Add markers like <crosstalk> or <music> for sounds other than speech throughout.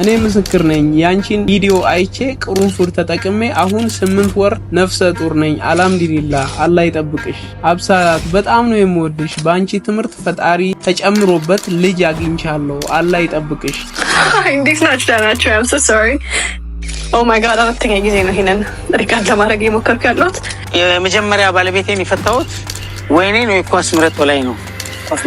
እኔ ምስክር ነኝ። ያንቺን ቪዲዮ አይቼ ቅርንፉድ ተጠቅሜ አሁን ስምንት ወር ነፍሰ ጡር ነኝ። አልሐምዱሊላ አላህ ይጠብቅሽ። አብሳላት በጣም ነው የምወድሽ። በአንቺ ትምህርት ፈጣሪ ተጨምሮበት ልጅ አግኝቻለሁ። አላህ ይጠብቅሽ። <laughs> እንዴት ናችሁ? ደህና ናችሁ? አም ሶ ሶሪ ኦ ማይ ጋድ። አራተኛ ጊዜ ነው ይሄንን ሪካርድ ለማድረግ የሞከርኩ ያለሁት። የመጀመሪያ ባለቤቴን የፈታሁት ወይኔ ነው የኳስ ምረጦ ላይ ነው ኳስ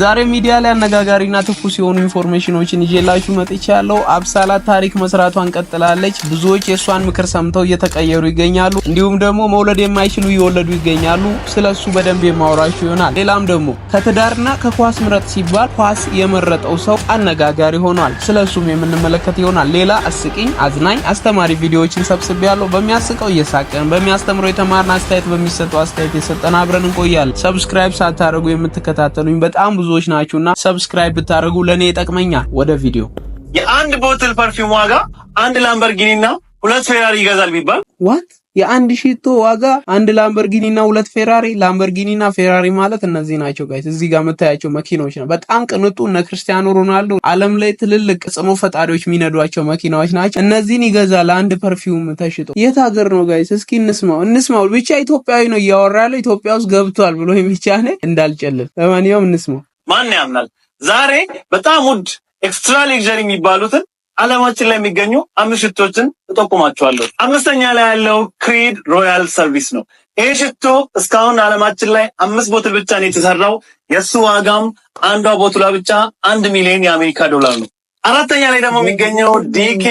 ዛሬ ሚዲያ ላይ አነጋጋሪና ትኩስ የሆኑ ኢንፎርሜሽኖችን ይዤላችሁ መጥቻለሁ። አብሳላት ታሪክ መስራቷን ቀጥላለች። ብዙዎች የእሷን ምክር ሰምተው እየተቀየሩ ይገኛሉ። እንዲሁም ደግሞ መውለድ የማይችሉ እየወለዱ ይገኛሉ። ስለ እሱ በደንብ የማወራችሁ ይሆናል። ሌላም ደግሞ ከትዳርና ከኳስ ምረጥ ሲባል ኳስ የመረጠው ሰው አነጋጋሪ ሆኗል። ስለ እሱም የምንመለከት ይሆናል። ሌላ አስቂኝ፣ አዝናኝ፣ አስተማሪ ቪዲዮዎችን ሰብስቤያለሁ። በሚያስቀው እየሳቀን በሚያስተምረው የተማርን አስተያየት በሚሰጠው አስተያየት የሰጠን አብረን እንቆያለን። ሰብስክራይብ ሳታደርጉ የምት የምትከታተሉኝ በጣም ብዙዎች ናችሁና ሰብስክራይብ ብታደርጉ ለእኔ ይጠቅመኛል። ወደ ቪዲዮ የአንድ ቦትል ፐርፊውም ዋጋ አንድ ላምበርጊኒና ሁለት ፌራሪ ይገዛል ቢባል ዋት የአንድ ሺቶ ዋጋ አንድ ላምበርጊኒ እና ሁለት ፌራሪ። ላምበርጊኒ እና ፌራሪ ማለት እነዚህ ናቸው ጋይስ። እዚህ ጋር የምታያቸው መኪናዎች ነው፣ በጣም ቅንጡ እነ ክርስቲያኖ ሮናልዶ ዓለም ላይ ትልልቅ ጽሞ ፈጣሪዎች የሚነዷቸው መኪናዎች ናቸው። እነዚህን ይገዛ ለአንድ ፐርፊውም ተሽጦ። የት ሀገር ነው ጋይስ? እስኪ እንስማው እንስማው። ብቻ ኢትዮጵያዊ ነው እያወራ ያለው ኢትዮጵያ ውስጥ ገብቷል ብሎ ብቻ ነው እንዳልጨልል። ለማንኛውም እንስማው። ማን ያምናል ዛሬ በጣም ውድ ኤክስትራ ሌክዠሪ የሚባሉትን አለማችን ላይ የሚገኙ አምስት ሽቶችን እጠቁማቸዋለሁ። አምስተኛ ላይ ያለው ክሪድ ሮያል ሰርቪስ ነው። ይህ ሽቶ እስካሁን አለማችን ላይ አምስት ቦትል ብቻ ነው የተሰራው። የእሱ ዋጋም አንዷ ቦትላ ብቻ አንድ ሚሊዮን የአሜሪካ ዶላር ነው። አራተኛ ላይ ደግሞ የሚገኘው ዲኬ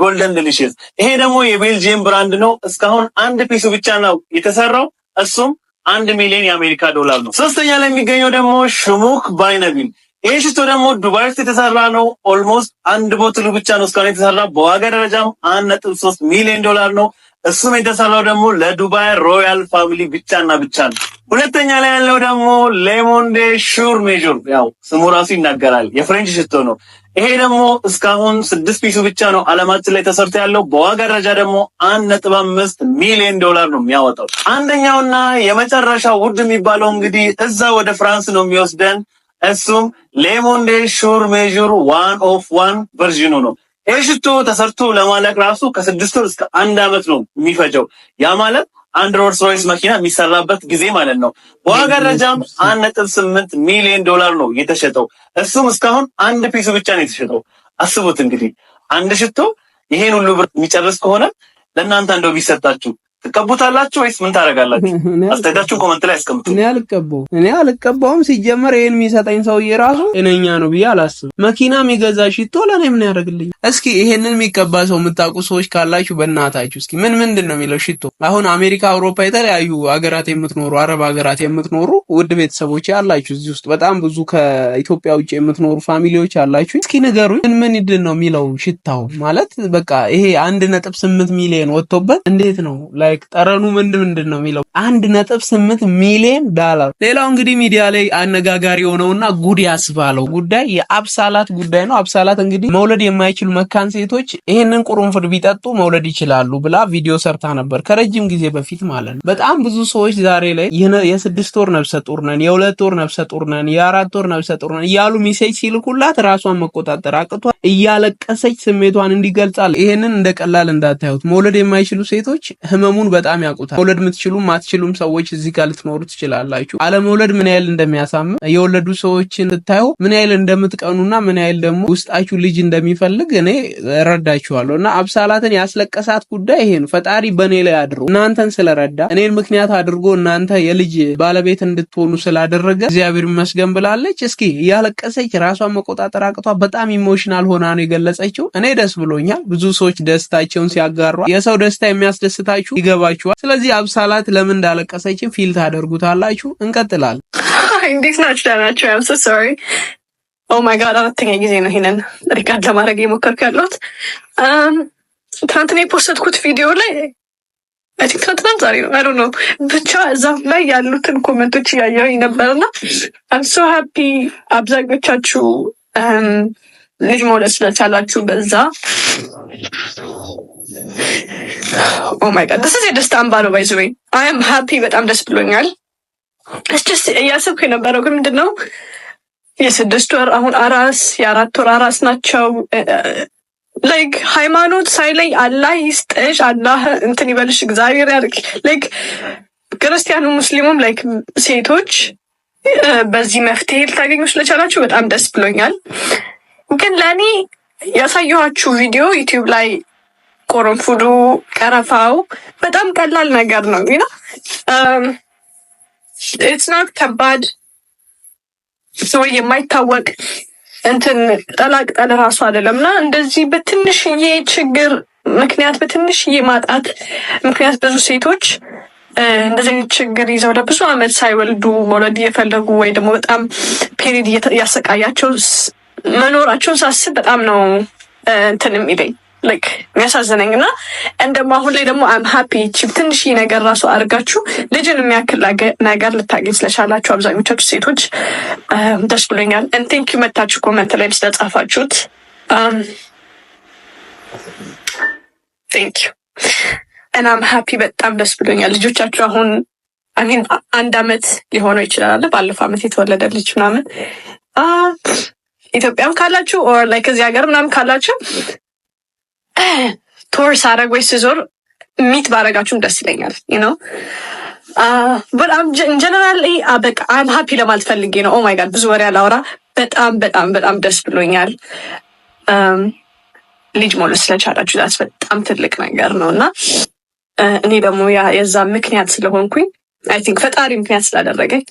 ጎልደን ዴሊሽስ፣ ይሄ ደግሞ የቤልጂየም ብራንድ ነው። እስካሁን አንድ ፒሱ ብቻ ነው የተሰራው እሱም አንድ ሚሊዮን የአሜሪካ ዶላር ነው። ሶስተኛ ላይ የሚገኘው ደግሞ ሽሙክ ባይነቢን ይህ ሽቶ ደግሞ ዱባይ ውስጥ የተሰራ ነው። ኦልሞስት አንድ ቦትሉ ብቻ ነው እስካሁን የተሰራ። በዋጋ ደረጃም አንድ ነጥብ ሶስት ሚሊዮን ዶላር ነው። እሱም የተሰራው ደግሞ ለዱባይ ሮያል ፋሚሊ ብቻና ብቻ ነው። ሁለተኛ ላይ ያለው ደግሞ ሌሞንዴ ሹር ሜጆር፣ ያው ስሙ ራሱ ይናገራል፣ የፍሬንች ሽቶ ነው። ይሄ ደግሞ እስካሁን ስድስት ፒሱ ብቻ ነው አለማችን ላይ ተሰርቶ ያለው። በዋጋ ደረጃ ደግሞ አንድ ነጥብ አምስት ሚሊዮን ዶላር ነው የሚያወጣው። አንደኛውና የመጨረሻ ውድ የሚባለው እንግዲህ እዛ ወደ ፍራንስ ነው የሚወስደን እሱም ሌሞንዴ ሹር ሜዥር ዋን ኦፍ ዋን ቨርዥኑ ነው። ይህ ሽቶ ተሰርቶ ለማለቅ ራሱ ከስድስት ወር እስከ አንድ ዓመት ነው የሚፈጀው። ያ ማለት አንድ ሮልስ ሮይስ መኪና የሚሰራበት ጊዜ ማለት ነው። በዋጋ ደረጃም አንድ ነጥብ ስምንት ሚሊዮን ዶላር ነው የተሸጠው። እሱም እስካሁን አንድ ፒሱ ብቻ ነው የተሸጠው። አስቡት እንግዲህ አንድ ሽቶ ይሄን ሁሉ ብር የሚጨርስ ከሆነ ለእናንተ እንደው ቢሰጣችሁ ትቀቡታላችሁ ወይስ ምን ታደርጋላችሁ? አስተያየታችሁን ኮመንት ላይ አስቀምጡ። እኔ አልቀባው እኔ አልቀባውም። ሲጀመር ይህን የሚሰጠኝ ሰውዬ ራሱ እነኛ ነው ብዬ አላስብም። መኪና የሚገዛ ሽቶ ለእኔ ምን ያደርግልኝ? እስኪ ይሄንን የሚቀባ ሰው የምታውቁ ሰዎች ካላችሁ በእናታችሁ እስኪ ምን ምንድን ነው የሚለው ሽቶ? አሁን አሜሪካ፣ አውሮፓ፣ የተለያዩ ሀገራት የምትኖሩ አረብ ሀገራት የምትኖሩ ውድ ቤተሰቦች አላችሁ እዚህ ውስጥ በጣም ብዙ ከኢትዮጵያ ውጭ የምትኖሩ ፋሚሊዎች አላችሁ። እስኪ ንገሩኝ ምን ምንድን ነው የሚለው ሽታው ማለት በቃ ይሄ አንድ ነጥብ ስምንት ሚሊዮን ወጥቶበት እንዴት ነው ላይ ላይክ ጠረኑ ምንድ ምንድን ነው የሚለው አንድ ነጥብ ስምንት ሚሊዮን ዳላር። ሌላው እንግዲህ ሚዲያ ላይ አነጋጋሪ የሆነውና ጉድ ያስባለው ጉዳይ የአብሳላት ጉዳይ ነው። አብሳላት እንግዲህ መውለድ የማይችሉ መካን ሴቶች ይህንን ቁርንፍድ ቢጠጡ መውለድ ይችላሉ ብላ ቪዲዮ ሰርታ ነበር ከረጅም ጊዜ በፊት ማለት ነው። በጣም ብዙ ሰዎች ዛሬ ላይ የስድስት ወር ነብሰ ጡር ነን፣ የሁለት ወር ነብሰ ጡር ነን፣ የአራት ወር ነብሰ ጡር ነን እያሉ ሚሴጅ ሲልኩላት ራሷን መቆጣጠር አቅቷ እያለቀሰች ስሜቷን እንዲገልጻል። ይህንን እንደ ቀላል እንዳታዩት። መውለድ የማይችሉ ሴቶች ህመሙ ጥቅሙን በጣም ያውቁታል። መውለድ የምትችሉም አትችሉም ሰዎች እዚህ ጋር ልትኖሩ ትችላላችሁ። አለመውለድ ምን ያህል እንደሚያሳምን የወለዱ ሰዎችን ስታዩ ምን ያህል እንደምትቀኑና ምን ያህል ደግሞ ውስጣችሁ ልጅ እንደሚፈልግ እኔ ረዳችኋለሁ። እና አብሳላትን ያስለቀሳት ጉዳይ ይሄ ነው። ፈጣሪ በእኔ ላይ አድሮ እናንተን ስለረዳ እኔን ምክንያት አድርጎ እናንተ የልጅ ባለቤት እንድትሆኑ ስላደረገ እግዚአብሔር ይመስገን ብላለች። እስኪ እያለቀሰች ራሷን መቆጣጠር አቅቷ በጣም ኢሞሽናል ሆና ነው የገለጸችው። እኔ ደስ ብሎኛል። ብዙ ሰዎች ደስታቸውን ሲያጋሯ የሰው ደስታ የሚያስደስታችሁ ይገባችኋል። ስለዚህ አብሳላት ለምን እንዳለቀሰችን ፊል ታደርጉታላችሁ። እንቀጥላል። እንዴት ናችሁ? ደህና ናችሁ? አም ሶ ሶሪ ኦ ማይ ጋድ አራተኛ ጊዜ ነው ይሄንን ሪካርድ ለማድረግ የሞከርኩ ያለሁት። um, ትናንትና የፖስተትኩት ቪዲዮ ላይ ትናንትናም ዛሬ ነው አይ ነው ብቻ እዛ ላይ ያሉትን ኮመንቶች እያየሁኝ ነበርና አም ሶ ሃፒ አብዛኞቻችሁ um, ልጅ መውለድ ስለቻላችሁ በዛ ኦማይ ጋድ ስ የደስታ አምባ ነው። ባይዘ ወይ አም ሀፒ በጣም ደስ ብሎኛል። ስስ እያሰብኩ የነበረው ግን ምንድን ነው የስድስት ወር አሁን አራስ የአራት ወር አራስ ናቸው። ላይክ ሃይማኖት ሳይለይ አላህ ይስጥሽ፣ አላህ እንትን ይበልሽ፣ እግዚአብሔር ያርግ። ላይክ ክርስቲያኑ ሙስሊሙም ላይክ ሴቶች eh, በዚህ መፍትሄ ልታገኙ ስለቻላችሁ በጣም ደስ ብሎኛል። ግን ለእኔ ያሳየኋችሁ ቪዲዮ ዩቲዩብ ላይ ቆረንፉዱ፣ ቀረፋው በጣም ቀላል ነገር ነው ና ኢትስ ናት ከባድ ሰው የማይታወቅ እንትን ጠላቅጠል ራሱ አይደለም እና እንደዚህ በትንሽዬ ችግር ምክንያት በትንሽዬ ማጣት ምክንያት ብዙ ሴቶች እንደዚህ አይነት ችግር ይዘው ለብዙ አመት ሳይወልዱ መውለድ እየፈለጉ ወይ ደግሞ በጣም ፔሪድ እያሰቃያቸው መኖራቸውን ሳስብ በጣም ነው እንትን የሚለኝ። ልክ የሚያሳዝነኝ እና እንደሞ አሁን ላይ ደግሞ አም ሀፒ ቺፕ ትንሽ ነገር ራሱ አድርጋችሁ ልጅን የሚያክል ነገር ልታገኝ ስለቻላችሁ አብዛኞቻችሁ ሴቶች um, ደስ ብሎኛል። እን መታችሁ ኮመንት ላይ ስለጻፋችሁት እናም um, ሀፒ በጣም ደስ ብሎኛል። ልጆቻችሁ አሁን አሚን አንድ አመት ሊሆነው ይችላል። ባለፈው አመት የተወለደ ልጅ ምናምን um, ኢትዮጵያም ካላችሁ ኦር ላይ ከዚህ ሀገር ምናምን ካላችሁ ቶር ሳረጎች ስዞር ሚት ባረጋችሁም ደስ ይለኛል ነው ጀነራል uh, uh, በቃ አም ሀፒ ለማለት ፈልጌ ነው። ኦማይ oh ጋድ ብዙ ወሬ አላወራ። በጣም በጣም በጣም ደስ ብሎኛል። um, ልጅ ሞሎ ስለቻላችሁ ዛት በጣም ትልቅ ነገር ነው እና uh, እኔ ደግሞ የዛ ምክንያት ስለሆንኩኝ አይ ቲንክ ፈጣሪ ምክንያት ስላደረገኝ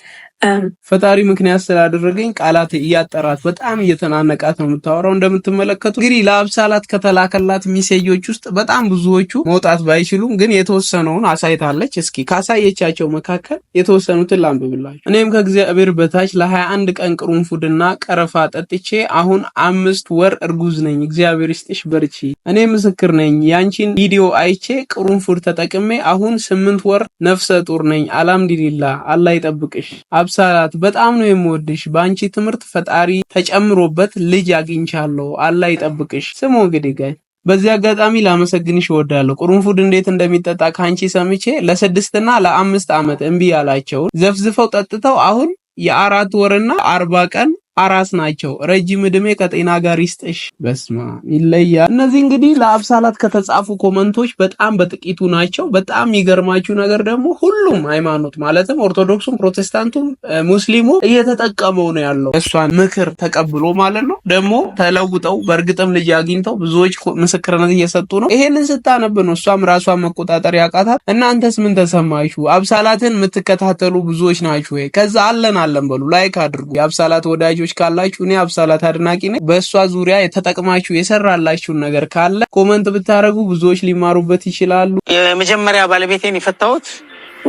ፈጣሪ ምክንያት ስላደረገኝ ቃላት እያጠራት በጣም እየተናነቃት ነው የምታወራው። እንደምትመለከቱ እንግዲህ ለአብሳላት ከተላከላት ሚሴጆች ውስጥ በጣም ብዙዎቹ መውጣት ባይችሉም ግን የተወሰነውን አሳይታለች። እስኪ ካሳየቻቸው መካከል የተወሰኑትን ላንብብላችሁ። እኔም ከእግዚአብሔር በታች ለ21 ቀን ቅርንፉድና ቀረፋ ጠጥቼ አሁን አምስት ወር እርጉዝ ነኝ። እግዚአብሔር ይስጥሽ በርቺ። እኔ ምስክር ነኝ። ያንቺን ቪዲዮ አይቼ ቅርንፉድ ተጠቅሜ አሁን ስምንት ወር ነፍሰ ጡር ነኝ። አልሐምዱሊላህ አላህ ይጠብቅሽ። አብሳላት በጣም ነው የምወድሽ። በአንቺ ትምህርት ፈጣሪ ተጨምሮበት ልጅ አግኝቻለሁ። አላህ ይጠብቅሽ። ስሙ እንግዲህ ጋይ በዚህ አጋጣሚ ላመሰግንሽ እወዳለሁ። ቁርንፉድ እንዴት እንደሚጠጣ ከአንቺ ሰምቼ ለስድስትና ለአምስት ዓመት እምቢ ያላቸውን ዘፍዝፈው ጠጥተው አሁን የአራት ወርና አርባ ቀን አራስ ናቸው። ረጅም ዕድሜ ከጤና ጋር ይስጥሽ። በስማ ይለያል። እነዚህ እንግዲህ ለአብሳላት ከተጻፉ ኮመንቶች በጣም በጥቂቱ ናቸው። በጣም የሚገርማችሁ ነገር ደግሞ ሁሉም ሃይማኖት ማለትም ኦርቶዶክሱም፣ ፕሮቴስታንቱም፣ ሙስሊሙ እየተጠቀመው ነው ያለው እሷን ምክር ተቀብሎ ማለት ነው። ደግሞ ተለውጠው በእርግጥም ልጅ አግኝተው ብዙዎች ምስክርነት እየሰጡ ነው። ይሄንን ስታነብ ነው እሷም ራሷን መቆጣጠር ያቃታት። እናንተስ ምን ተሰማችሁ? አብሳላትን የምትከታተሉ ብዙዎች ናችሁ ወይ? ከዛ አለን አለን በሉ ላይክ አድርጉ። የአብሳላት ወዳጅ ልጆች ካላችሁ እኔ አብሳላት አድናቂ ነኝ። በእሷ ዙሪያ የተጠቅማችሁ የሰራላችሁን ነገር ካለ ኮመንት ብታደረጉ ብዙዎች ሊማሩበት ይችላሉ። የመጀመሪያ ባለቤቴን የፈታሁት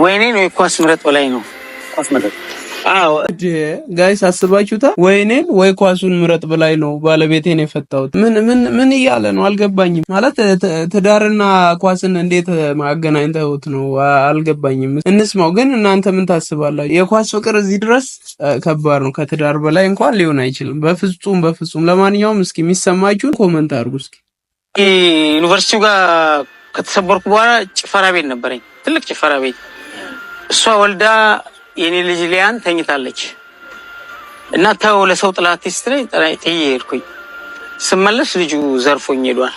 ወይኔን ወይ ኳስ ምረጦ ላይ ነው ኳስ አዎ ጋይስ ወይኔን ወይ ኳሱን ምረጥ ብላይ ነው ባለቤቴን የፈታሁት። ምን ምን ምን እያለ ነው አልገባኝም። ማለት ትዳርና ኳስን እንዴት ማገናኝተውት ነው አልገባኝም። እንስማው ግን እናንተ ምን ታስባላችሁ? የኳስ ፍቅር እዚህ ድረስ ከባድ ነው። ከትዳር በላይ እንኳን ሊሆን አይችልም። በፍጹም በፍጹም። ለማንኛውም እስኪ የሚሰማችሁን ኮመንት አድርጉ። እስኪ ዩኒቨርሲቲው ጋር ከተሰበርኩ በኋላ ጭፈራ ቤት ነበረኝ፣ ትልቅ ጭፈራ ቤት እሷ ወልዳ የኔ ልጅ ሊያን ተኝታለች እና ተው ለሰው ጥላት ስትለኝ ጥዬ ሄድኩኝ። ስመለስ ልጁ ዘርፎኝ ሄዷል።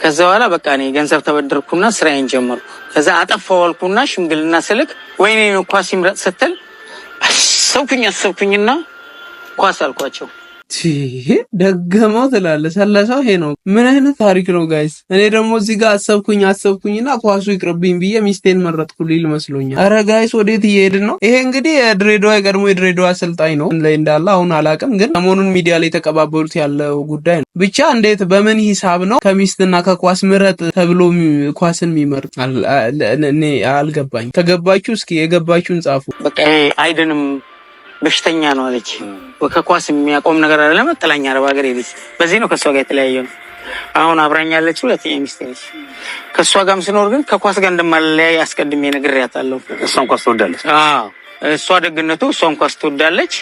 ከዛ በኋላ በቃ እኔ ገንዘብ ተበደርኩና ስራዬን ጀመርኩ። ከዛ አጠፋው ሽምግልና ስልክ ወይኔ ኳስ ይምረጥ ስትል አሰብኩኝ አሰብኩኝና ኳስ አልኳቸው። ደገመው ትላለ ሰለሰው ይሄ ነው። ምን አይነት ታሪክ ነው ጋይስ? እኔ ደግሞ እዚህ ጋር አሰብኩኝ አሰብኩኝና ኳሱ ይቅርብኝ ብዬ ሚስቴን መረጥኩ ሊል መስሎኛል። አረ ጋይስ ወዴት እየሄድን ነው? ይሄ እንግዲህ የድሬዳዋ የቀድሞ የድሬዳዋ አሰልጣኝ ነው ላይ እንዳለ አሁን አላቅም፣ ግን ሰሞኑን ሚዲያ ላይ የተቀባበሉት ያለው ጉዳይ ነው። ብቻ እንዴት በምን ሂሳብ ነው ከሚስትና ከኳስ ምረጥ ተብሎ ኳስን የሚመርጥ አልገባኝ። ከገባችሁ እስኪ የገባችሁን ጻፉ። በቃ አይድንም በሽተኛ ነው አለች። ከኳስ የሚያቆም ነገር አይደለም። ጥላኛ አረብ ሀገር ሄደች። በዚህ ነው ከእሷ ጋር የተለያየ ነው። አሁን አብራኛ ያለች ሁለተኛ ሚስቴ ነች። ከእሷ ጋርም ስኖር ግን ከኳስ ጋር እንደማለያይ አስቀድሜ ነግሬያታለሁ። እሷን ኳስ ትወዳለች። እሷ ደግነቱ እሷን ኳስ ትወዳለች።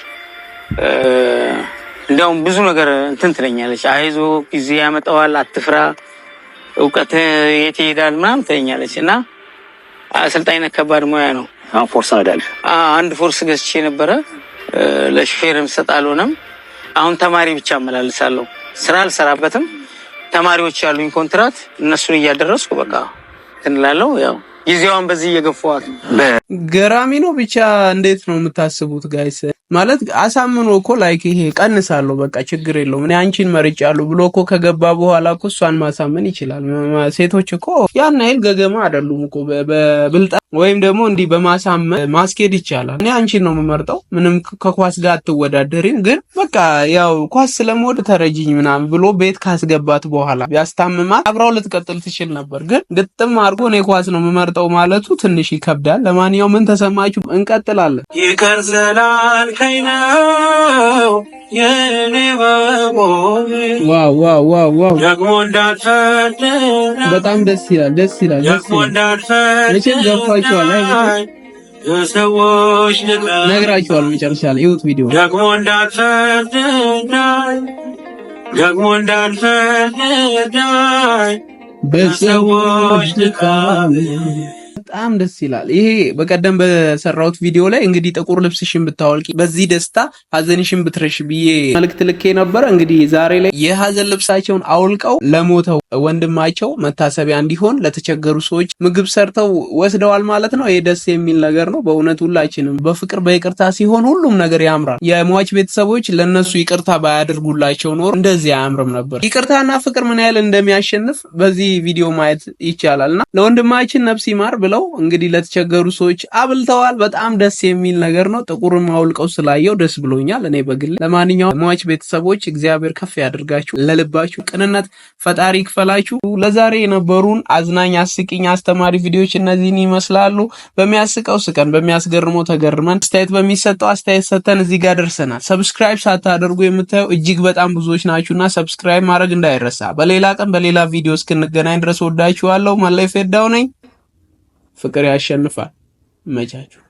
እንዲያውም ብዙ ነገር እንትን ትለኛለች። አይዞ ጊዜ ያመጣዋል፣ አትፍራ፣ እውቀት የት ይሄዳል ምናምን ትለኛለች። እና አሰልጣኝነት ከባድ ሙያ ነው። ፎርስ ነዳል። አንድ ፎርስ ገዝቼ ነበረ ለሹፌር የምሰጥ አልሆነም። አሁን ተማሪ ብቻ አመላልሳለሁ፣ ስራ አልሰራበትም። ተማሪዎች ያሉኝ ኮንትራት እነሱን እያደረስኩ በቃ ትንላለው ያው ጊዜዋን በዚህ እየገፋዋት ገራሚ ነው። ብቻ እንዴት ነው የምታስቡት ጋይስ? ማለት አሳምኖ እኮ ላይክ ይሄ ቀንሳለሁ በቃ ችግር የለውም እኔ አንቺን መርጫለሁ ብሎ እኮ ከገባ በኋላ እኮ እሷን ማሳመን ይችላል። ሴቶች እኮ ያን ያህል ገገማ አይደሉም እኮ በብልጣ ወይም ደግሞ እንዲህ በማሳመን ማስኬድ ይቻላል። እኔ አንቺን ነው የምመርጠው። ምንም ከኳስ ጋር አትወዳደሪም፣ ግን በቃ ያው ኳስ ስለመወድ ተረጅኝ ምናምን ብሎ ቤት ካስገባት በኋላ ቢያስታምማት አብራው ልትቀጥል ትችል ነበር። ግን ግጥም አድርጎ እኔ ኳስ ነው የምመርጠው ማለቱ ትንሽ ይከብዳል። ለማንኛውም ምን ተሰማችሁ? እንቀጥላለን። ይቅር ስላልከኝ ነው የኔ ደስ ይላል፣ ደስ ይላል፣ ደስ ይላል ነግራቸዋል መጨረሻ ላይ ይሁት ቪዲዮ ደግሞ እንዳልፈርድዳይ ደግሞ እንዳልፈርድዳይ በሰዎች ድካም በጣም ደስ ይላል። ይሄ በቀደም በሰራሁት ቪዲዮ ላይ እንግዲህ ጥቁር ልብስሽን ብታወልቂ በዚህ ደስታ ሀዘንሽን ብትረሽ ብዬ መልክት ልኬ ነበረ። እንግዲህ ዛሬ ላይ የሀዘን ልብሳቸውን አውልቀው ለሞተው ወንድማቸው መታሰቢያ እንዲሆን ለተቸገሩ ሰዎች ምግብ ሰርተው ወስደዋል ማለት ነው። ይሄ ደስ የሚል ነገር ነው በእውነት ሁላችንም በፍቅር በይቅርታ ሲሆን ሁሉም ነገር ያምራል። የሟች ቤተሰቦች ለነሱ ይቅርታ ባያደርጉላቸው ኖሮ እንደዚህ አያምርም ነበር። ይቅርታና ፍቅር ምን ያህል እንደሚያሸንፍ በዚህ ቪዲዮ ማየት ይቻላል እና ለወንድማችን ነፍስ ይማር ብለው ብለው እንግዲህ ለተቸገሩ ሰዎች አብልተዋል። በጣም ደስ የሚል ነገር ነው። ጥቁርም አውልቀው ስላየው ደስ ብሎኛል እኔ በግል። ለማንኛውም ሟች ቤተሰቦች እግዚአብሔር ከፍ ያድርጋችሁ፣ ለልባችሁ ቅንነት ፈጣሪ ይክፈላችሁ። ለዛሬ የነበሩን አዝናኝ፣ አስቂኝ፣ አስተማሪ ቪዲዮዎች እነዚህን ይመስላሉ። በሚያስቀው ስቀን፣ በሚያስገርመው ተገርመን፣ አስተያየት በሚሰጠው አስተያየት ሰተን እዚህ ጋር ደርሰናል። ሰብስክራይብ ሳታደርጉ የምታዩ እጅግ በጣም ብዙዎች ናችሁና ሰብስክራይብ ማድረግ እንዳይረሳ። በሌላ ቀን በሌላ ቪዲዮ እስክንገናኝ ድረስ ወዳችኋለሁ። መላይ ፌዳው ነኝ። ፍቅር ያሸንፋል። መቻችሁ